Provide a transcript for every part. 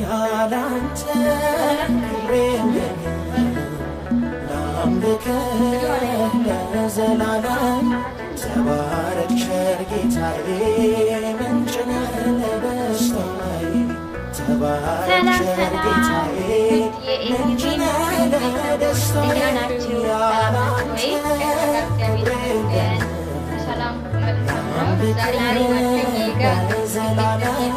ያላንተ ክብሬ ላምልክ ለዘላለም ተባረክ ቸር ጌታዬ ምንጭ ነህ ለደስታዬ ተባረክ ቸር ጌታዬ ምንጭ ነህ ለደስታዬ ያላንተ ክብሬ ላምልክ ለዘላለም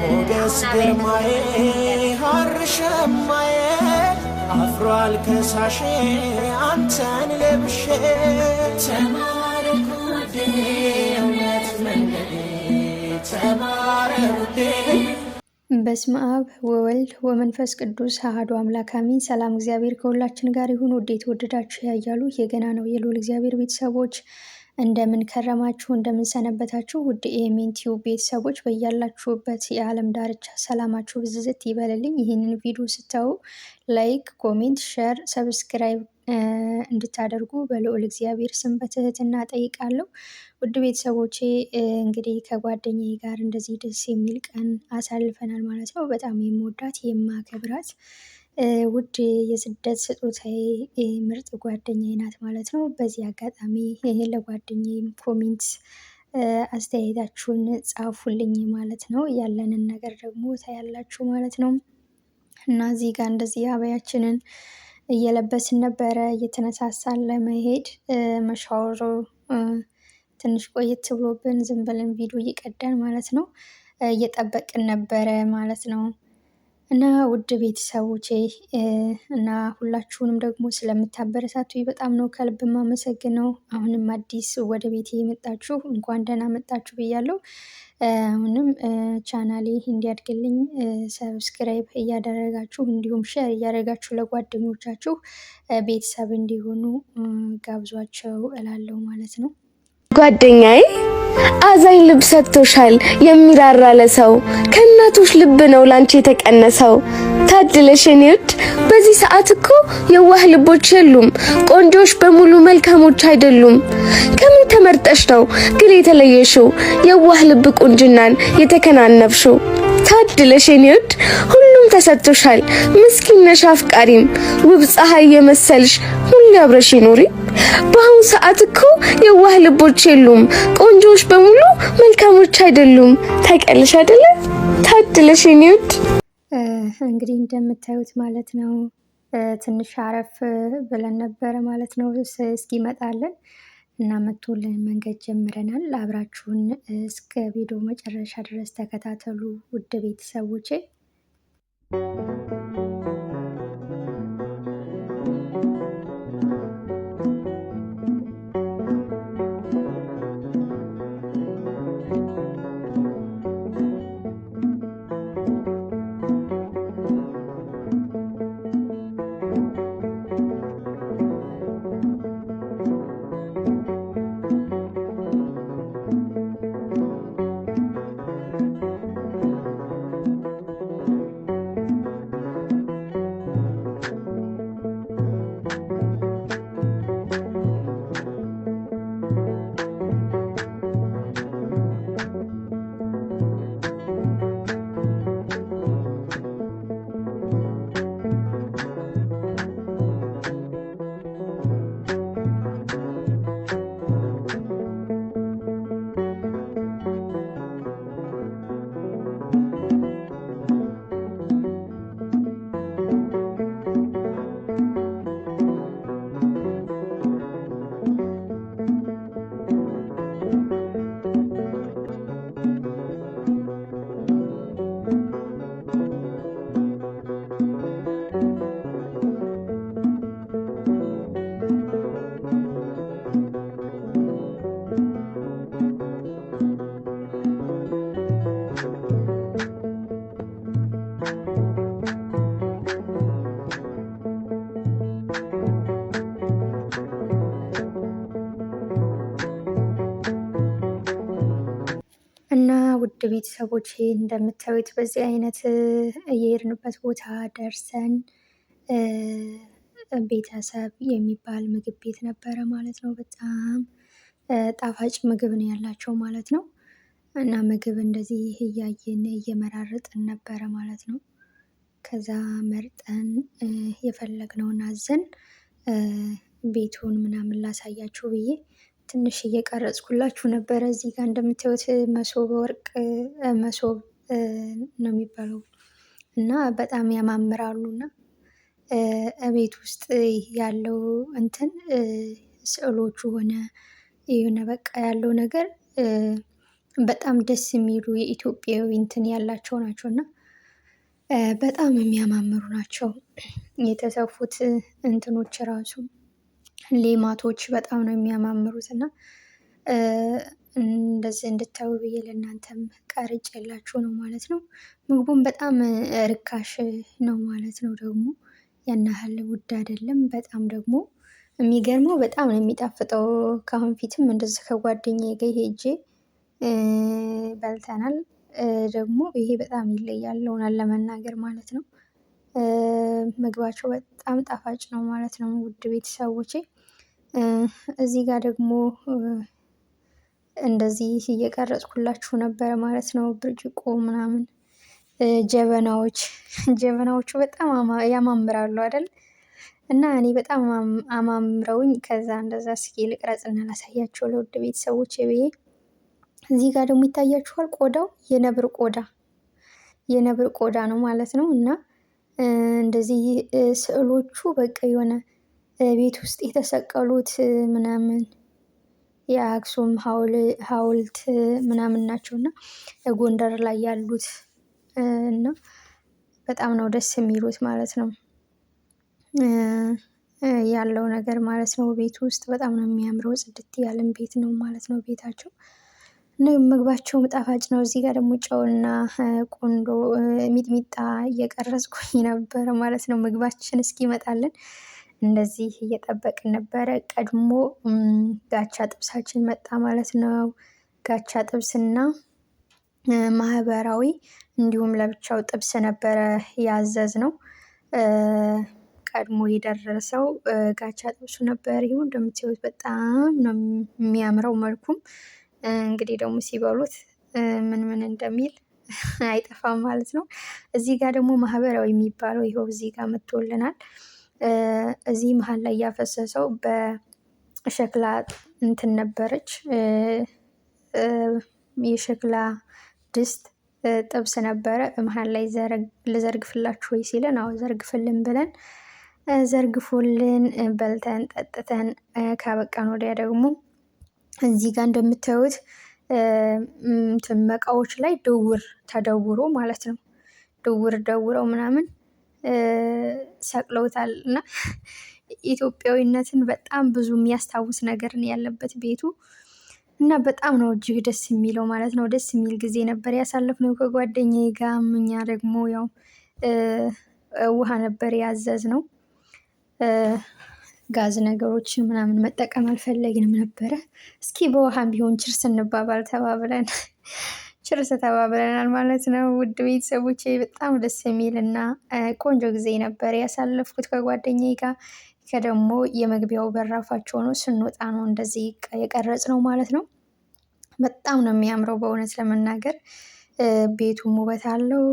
ሞገስ ግርማዬ ሀር ሸማዬ አፍሯል ከሳሼ አንተን ለብሼ ተማረክ ውዴ እውነት መንገዴ ተማረ ውዴ። በስመ አብ ወወልድ ወመንፈስ ቅዱስ አሐዱ አምላክ አሜን። ሰላም እግዚአብሔር ከሁላችን ጋር ይሁን። ውዴ የተወደዳችሁ ያያሉ የገና ነው የልዑል እግዚአብሔር ቤተሰቦች እንደምን ከረማችሁ ውድ ኤሜን ቤተሰቦች በያላችሁበት የዓለም ዳርቻ ሰላማችሁ ብዝዝት ይበልልኝ። ይህንን ቪዲዮ ስታዩ ላይክ፣ ኮሜንት፣ ሸር፣ ሰብስክራይብ እንድታደርጉ በልዑል እግዚአብሔር ስም በትህትና ጠይቃለሁ። ውድ ቤተሰቦቼ እንግዲህ ከጓደኛዬ ጋር እንደዚህ ደስ የሚል ቀን አሳልፈናል ማለት ነው። በጣም የምወዳት የማከብራት ውድ የስደት ስጦታዬ ምርጥ ጓደኛዬ ናት ማለት ነው። በዚህ አጋጣሚ ይሄን ለጓደኛዬም ኮሜንት አስተያየታችሁን ጻፉልኝ ማለት ነው። ያለንን ነገር ደግሞ ታያላችሁ ማለት ነው። እና እዚህ ጋር እንደዚህ አበያችንን እየለበስን ነበረ እየተነሳሳን ለመሄድ መሻወሮ ትንሽ ቆየት ብሎብን ዝም ብለን ቪዲዮ እየቀዳን ማለት ነው እየጠበቅን ነበረ ማለት ነው። እና ውድ ቤተሰቦቼ እና ሁላችሁንም ደግሞ ስለምታበረታቱ በጣም ነው ከልብ ማመሰግነው። አሁንም አዲስ ወደ ቤቴ የመጣችሁ እንኳን ደህና መጣችሁ ብያለሁ። አሁንም ቻናሌ እንዲያድግልኝ ሰብስክራይብ እያደረጋችሁ እንዲሁም ሼር እያደረጋችሁ ለጓደኞቻችሁ ቤተሰብ እንዲሆኑ ጋብዟቸው እላለሁ ማለት ነው። ጓደኛዬ አዛኝ ልብ ሰጥቶሻል የሚራራ ለሰው ከእናቶች ልብ ነው ላንቺ የተቀነሰው። ታድለሽ የኔ ውድ በዚህ ሰዓት እኮ የዋህ ልቦች የሉም፣ ቆንጆች በሙሉ መልካሞች አይደሉም። ከምን ተመርጠሽ ነው ግን የተለየሽው የዋህ ልብ ቁንጅናን የተከናነብሽው? ታድለሽ የኔ ውድ ሁሉም ተሰጥቶሻል፣ ምስኪን ነሽ አፍቃሪም ውብ ፀሐይ የመሰልሽ ሁሌ አብረሽ ይኑሪ። በአሁኑ ሰዓት እኮ የዋህ ልቦች የሉም። ቆንጆዎች በሙሉ መልካሞች አይደሉም። ታውቂያለሽ አይደለ? ታድለሽ ኒውድ እንግዲህ እንደምታዩት ማለት ነው ትንሽ አረፍ ብለን ነበረ ማለት ነው እስኪመጣለን እና መቶልን መንገድ ጀምረናል። አብራችሁን እስከ ቪዲዮ መጨረሻ ድረስ ተከታተሉ ውድ ቤተሰቦቼ። ቤተሰቦች እንደምታዩት በዚህ አይነት እየሄድንበት ቦታ ደርሰን ቤተሰብ የሚባል ምግብ ቤት ነበረ ማለት ነው። በጣም ጣፋጭ ምግብ ነው ያላቸው ማለት ነው። እና ምግብ እንደዚህ እያየን እየመራረጥን ነበረ ማለት ነው። ከዛ መርጠን የፈለግነውን አዘን ቤቱን ምናምን ላሳያችሁ ብዬ ትንሽ እየቀረጽኩላችሁ ነበረ። እዚህ ጋር እንደምታዩት መሶብ ወርቅ መሶብ ነው የሚባለው እና በጣም ያማምራሉ እና እቤት ውስጥ ያለው እንትን ስዕሎቹ ሆነ የሆነ በቃ ያለው ነገር በጣም ደስ የሚሉ የኢትዮጵያዊ እንትን ያላቸው ናቸው እና በጣም የሚያማምሩ ናቸው የተሰፉት እንትኖች ራሱ ሌማቶች በጣም ነው የሚያማምሩት እና እንደዚህ እንድታዩ ብዬ ለእናንተም ቀርጭ የላችሁ ነው ማለት ነው። ምግቡም በጣም ርካሽ ነው ማለት ነው። ደግሞ ያን ውድ አይደለም። በጣም ደግሞ የሚገርመው በጣም ነው የሚጣፍጠው። ከአሁን ፊትም እንደዚህ ከጓደኛዬ ጋር ሄጄ በልተናል። ደግሞ ይሄ በጣም ይለያል ለመናገር ማለት ነው። ምግባቸው በጣም ጣፋጭ ነው ማለት ነው ውድ ቤተሰቦቼ። እዚህ ጋር ደግሞ እንደዚህ እየቀረጽኩላችሁ ነበረ ማለት ነው። ብርጭቆ ምናምን ጀበናዎች ጀበናዎቹ በጣም ያማምራሉ አይደል? እና እኔ በጣም አማምረውኝ ከዛ እንደዛ እስኪ ልቅረጽና ላሳያቸው ለውድ ቤተሰቦቼ ብዬ እዚህ ጋር ደግሞ ይታያችኋል ቆዳው የነብር ቆዳ የነብር ቆዳ ነው ማለት ነው እና እንደዚህ ስዕሎቹ በቃ የሆነ ቤት ውስጥ የተሰቀሉት ምናምን የአክሱም ሐውልት ምናምን ናቸው እና ጎንደር ላይ ያሉት እና በጣም ነው ደስ የሚሉት ማለት ነው። ያለው ነገር ማለት ነው ቤት ውስጥ በጣም ነው የሚያምረው ጽድት ያለን ቤት ነው ማለት ነው ቤታቸው። እና ምግባቸውም ጣፋጭ ነው። እዚህ ጋር ደግሞ ጨውና ቆንዶ ሚጥሚጣ እየቀረጽኩኝ ነበረ ማለት ነው። ምግባችን እስኪመጣልን እንደዚህ እየጠበቅን ነበረ። ቀድሞ ጋቻ ጥብሳችን መጣ ማለት ነው። ጋቻ ጥብስና ማህበራዊ እንዲሁም ለብቻው ጥብስ ነበረ ያዘዝ ነው። ቀድሞ የደረሰው ጋቻ ጥብሱ ነበር። ይሁን እንደምታዩት በጣም ነው የሚያምረው መልኩም እንግዲህ ደግሞ ሲበሉት ምን ምን እንደሚል አይጠፋም ማለት ነው። እዚህ ጋር ደግሞ ማህበራዊ የሚባለው ይኸው እዚህ ጋር መጥቶልናል። እዚህ መሀል ላይ ያፈሰሰው በሸክላ እንትን ነበረች፣ የሸክላ ድስት ጥብስ ነበረ። መሀል ላይ ልዘርግፍላችሁ ወይ ሲለን አዎ ዘርግፍልን ብለን ዘርግፉልን በልተን ጠጥተን ካበቃን ወዲያ ደግሞ እዚህ ጋር እንደምታዩት መቃዎች ላይ ድውር ተደውሮ ማለት ነው። ድውር ደውረው ምናምን ሰቅለውታል እና ኢትዮጵያዊነትን በጣም ብዙ የሚያስታውስ ነገር ያለበት ቤቱ እና በጣም ነው እጅግ ደስ የሚለው ማለት ነው። ደስ የሚል ጊዜ ነበር ያሳለፍነው ከጓደኛዬ ጋር። እኛ ደግሞ ያው ውሃ ነበር ነው ጋዝ ነገሮችን ምናምን መጠቀም አልፈለግንም ነበረ። እስኪ በውሃም ቢሆን ችርስ እንባባል ተባብለን ችርስ ተባብለናል ማለት ነው። ውድ ቤተሰቦቼ በጣም ደስ የሚል እና ቆንጆ ጊዜ ነበር ያሳለፍኩት ከጓደኛዬ ጋር። ከደግሞ የመግቢያው በራፋቸው ነው ስንወጣ ነው እንደዚህ የቀረጽ ነው ማለት ነው። በጣም ነው የሚያምረው በእውነት ለመናገር ቤቱም ውበት አለው።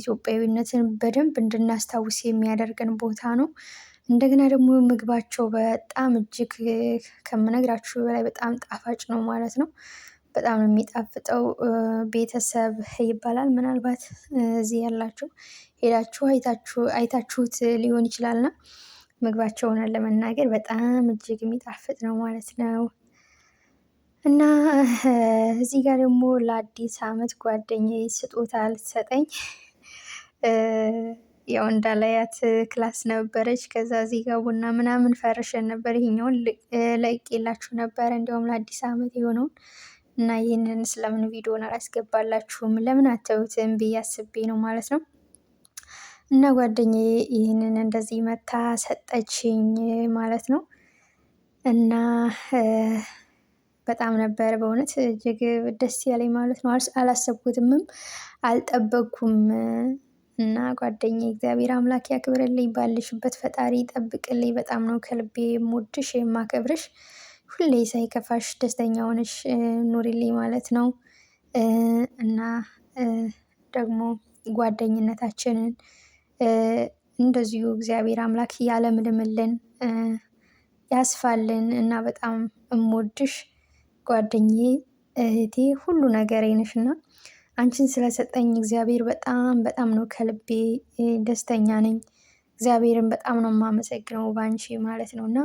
ኢትዮጵያዊነትን በደንብ እንድናስታውስ የሚያደርገን ቦታ ነው። እንደገና ደግሞ ምግባቸው በጣም እጅግ ከምነግራችሁ በላይ በጣም ጣፋጭ ነው ማለት ነው። በጣም የሚጣፍጠው ቤተሰብ ይባላል። ምናልባት እዚህ ያላችሁ ሄዳችሁ አይታችሁት ሊሆን ይችላል እና ምግባቸውን ለመናገር በጣም እጅግ የሚጣፍጥ ነው ማለት ነው። እና እዚህ ጋር ደግሞ ለአዲስ አመት ጓደኛ ስጦታ ልትሰጠኝ ያው እንዳላያት ክላስ ነበረች። ከዛ እዚህ ጋር ቡና ምናምን ፈርሸን ነበር። ይሄኛውን ለቅቄላችሁ ነበር እንዲሁም ለአዲስ ዓመት የሆነውን እና ይህንን ስለምን ቪዲዮን አላስገባላችሁም ለምን አታዩትም ብዬ አስቤ ነው ማለት ነው። እና ጓደኛዬ ይህንን እንደዚህ መታ ሰጠችኝ ማለት ነው። እና በጣም ነበር በእውነት እጅግ ደስ ያለኝ ማለት ነው። አላሰብኩትምም አልጠበቅኩም። እና ጓደኛ እግዚአብሔር አምላክ ያክብርልኝ፣ ባለሽበት ፈጣሪ ጠብቅልኝ። በጣም ነው ከልቤ የምወድሽ የማከብርሽ። ሁሌ ሳይከፋሽ ደስተኛ ሆነሽ ኑሪልኝ ማለት ነው እና ደግሞ ጓደኝነታችንን እንደዚሁ እግዚአብሔር አምላክ ያለምልምልን ያስፋልን እና በጣም እምወድሽ ጓደኝ እህቴ ሁሉ ነገሬ ነሽ እና አንቺን ስለሰጠኝ እግዚአብሔር በጣም በጣም ነው ከልቤ ደስተኛ ነኝ። እግዚአብሔርን በጣም ነው የማመሰግነው በአንቺ ማለት ነው እና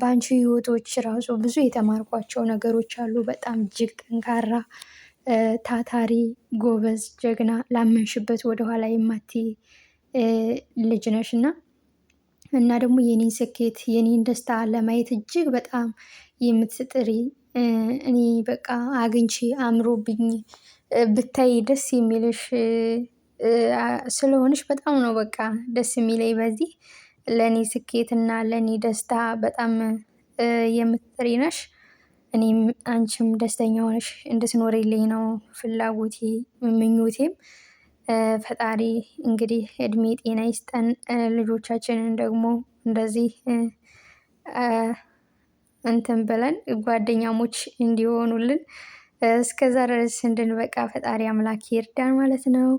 በአንቺ ህይወቶች ራሱ ብዙ የተማርኳቸው ነገሮች አሉ። በጣም እጅግ ጠንካራ፣ ታታሪ፣ ጎበዝ፣ ጀግና ላመንሽበት ወደኋላ የማትይ ልጅ ነሽ እና እና ደግሞ የኔን ስኬት የኔን ደስታ ለማየት እጅግ በጣም የምትጥሪ እኔ በቃ አግኝቼ አምሮብኝ ብታይ ደስ የሚልሽ ስለሆንሽ በጣም ነው በቃ ደስ የሚለኝ። በዚህ ለእኔ ስኬት እና ለእኔ ደስታ በጣም የምትጥሪ ነሽ። እኔም አንቺም ደስተኛ ሆነሽ እንድትኖሪልኝ ነው ፍላጎቴ ምኞቴም። ፈጣሪ እንግዲህ እድሜ ጤና ይስጠን። ልጆቻችንን ደግሞ እንደዚህ እንትን ብለን ጓደኛሞች እንዲሆኑልን እስከዛ ድረስ እንድንበቃ ፈጣሪ አምላክ ይርዳን ማለት ነው።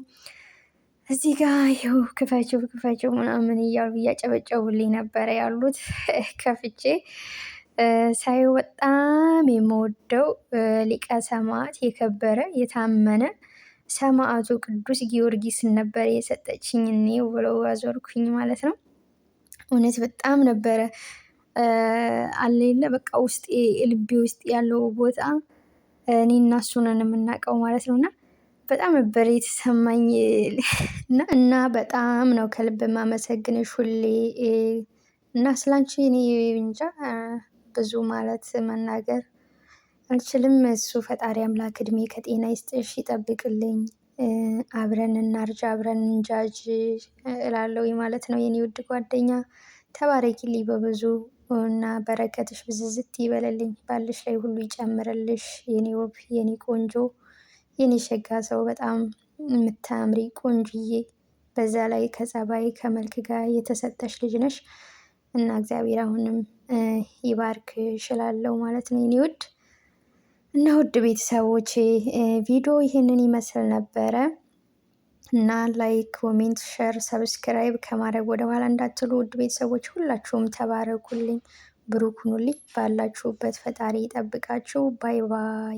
እዚህ ጋ ይኸው ክፈችው ክፈችው ምናምን እያሉ እያጨበጨቡልኝ ነበረ ያሉት። ከፍቼ ሳየው በጣም የምወደው ሊቀ ሰማዕት የከበረ የታመነ ሰማዕቱ ቅዱስ ጊዮርጊስ ነበር የሰጠችኝ እኔ ብለው አዞርኩኝ ማለት ነው። እውነት በጣም ነበረ አለ የለ በቃ ውስጤ ልቤ ውስጥ ያለው ቦታ እኔ እና እሱ የምናውቀው ማለት ነው። እና በጣም ነበር የተሰማኝ እና በጣም ነው ከልብ ማመሰግንሽ ሁሌ እና ስላንቺ እኔ እንጃ ብዙ ማለት መናገር አልችልም። እሱ ፈጣሪ አምላክ እድሜ ከጤና ይስጥሽ ይጠብቅልኝ። አብረን እናርጃ አብረን እንጃጅ እላለሁ ማለት ነው። የኔ ውድ ጓደኛ ተባረኪልኝ በብዙ እና በረከትሽ ብዝዝት ይበለልኝ፣ ባልሽ ላይ ሁሉ ይጨምርልሽ። የኔ ውብ፣ የኔ ቆንጆ፣ የኔ ሸጋ ሰው በጣም የምታምሪ ቆንጆዬ፣ በዛ ላይ ከጸባይ ከመልክ ጋር የተሰጠሽ ልጅ ነሽ እና እግዚአብሔር አሁንም ይባርክ ይችላለው ማለት ነው የኔ ውድ እና ውድ ቤተሰቦቼ ቪዲዮ ይህንን ይመስል ነበረ። እና ላይክ፣ ኮሜንት፣ ሸር፣ ሰብስክራይብ ከማድረግ ወደ ኋላ እንዳትሉ ውድ ቤተሰቦች ሁላችሁም ተባረኩልኝ፣ ብሩክ ሁኑልኝ። ባላችሁበት ፈጣሪ ይጠብቃችሁ። ባይ ባይ።